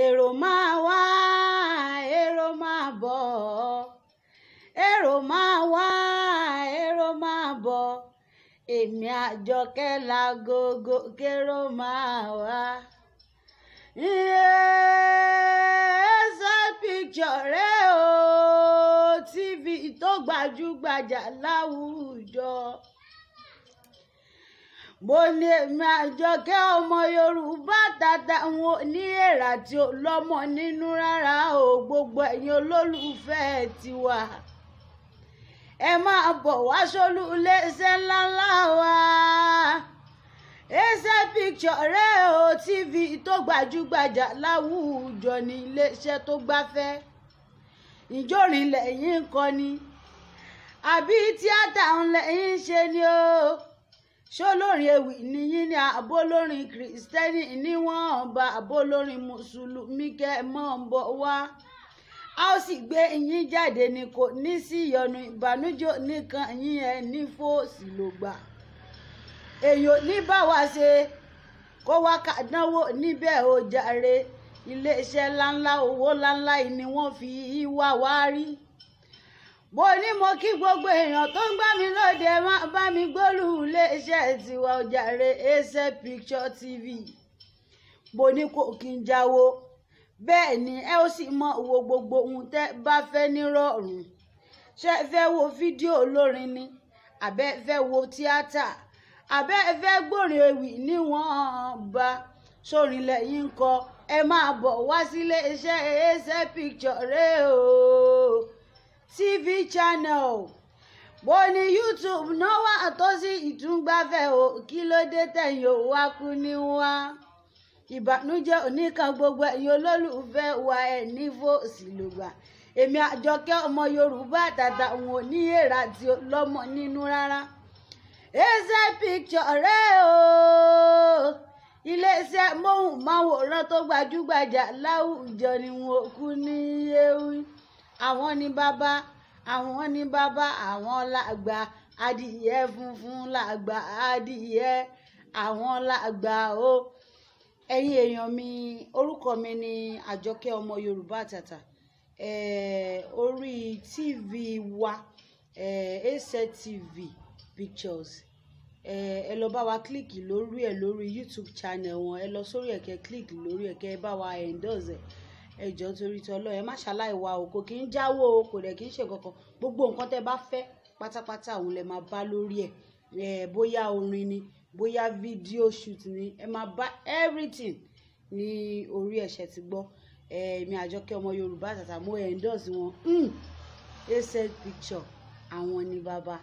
èrò máa wá èrò máa bọ̀ èrò máa wá èrò máa bọ̀ èmi àjọkẹ́ lágogo kérò máa wá. Yes, picture rẹ o TV tó gbajúgbajà láwùjọ mo ní èmi àjọkẹ́ ọmọ yorùbá dada wọn ní èrà tí ó nínú rárá o gbogbo ẹ̀yin olólùfẹ́ tiwa ẹ máa bọ̀ wá sólú iléeṣẹ́ ńláńlá wa ẹsẹ̀ picture rẹ̀ o tv tó gbajúgbajà láwùjọ ní iléeṣẹ́ tó gbáfẹ́ ìjórìn lẹ́yìn kọ́ ni àbí tíátà ń lẹ́yìn ṣe ni o ṣé olórin ewì nìyín ni àbó olórin kìrìsìtẹ́nì níwọ̀nba àbó olórin mùsùlùmí kẹ́ mọ́ ń bọ̀ wá a ó sì gbé yín jáde ni kò ní sí ìyọnu ìbànújẹ́ nìkan yín ẹ ní fòsì ló gbà èèyàn ní bá wa ṣe kó wá kàdánwò níbẹ̀ ó jàre iléeṣẹ́ ńláńlá owó ńláńlá yìí ni wọ́n fi wá wá rí mo ní mo kí gbogbo èèyàn tó ń gbá mi lóde ẹ má bá mi gbólóhùn iléeṣẹ́ tiwa ọ̀jàre ẹsẹ̀ picture tv mo ní kò kí n jáwọ́ bẹ́ẹ̀ ni ẹ ó sì mọ wo gbogbo ohun tẹ́ bá fẹ́ nírọ̀rùn ṣé fẹ́ wo fídíò olórin ni àbẹ́ fẹ́ wo tíátà àbẹ́ fẹ́ gbòrin ewì níwọ̀nba sórin lẹ́yìn kọ ẹ máa bọ̀ wá sílé iṣẹ́ picture rẹ o. TV channel bó ni YouTube náà wà àtọ́sí ìtúngbàfẹ́ o kí ló dé tẹ̀yìn ò wá kú ní wá ìbànújẹ́ oníkan gbogbo ẹ̀yin olólùfẹ́ wa ẹ̀ ní fòsì lògbà èmi àjọkẹ́ ọmọ Yorùbá àtàtà wọn ò ní èrà tí lọ́mọ nínú rárá ẹsẹ̀ picture rẹ̀ o iléeṣẹ́ móhùnmáwòrán tó gbajúgbajà láwùjọ ni wọn kú ní yéwí àwọn ni bàbá àwọn ni bàbá àwọn làgbà adìyẹ funfun làgbà adìyẹ àwọn làgbà o ẹ̀yin èèyàn mi orúkọ mi ni àjọkẹ́ ọmọ yorùbá àtàtà eh, orí tv wa eh, ACTV pictures ẹ lọ bá wa click lórí ẹ lórí youtube channel wọn ẹ lọ sórí ẹkẹ kílíkì lórí ẹkẹ ẹ bá wa endorse ẹ ẹ jọ̀ọ́ torí tọ́lọ́ ẹ má ṣaláì wa o kò kí ń jáwọ́ o kò dẹ̀ kí ń ṣe kankan gbogbo nǹkan tẹ́ bá fẹ́ pátápátá òun lẹ máa bá lórí ẹ̀ ẹ̀ bóyá orin ni bóyá fídíò shoot ni ẹ máa bá everything ní orí ẹ̀ṣẹ̀ ti gbọ́ èmi àjọkẹ́ ọmọ yorùbá tàtà mo endorse wọn hmm, asset picture àwọn ni bàbá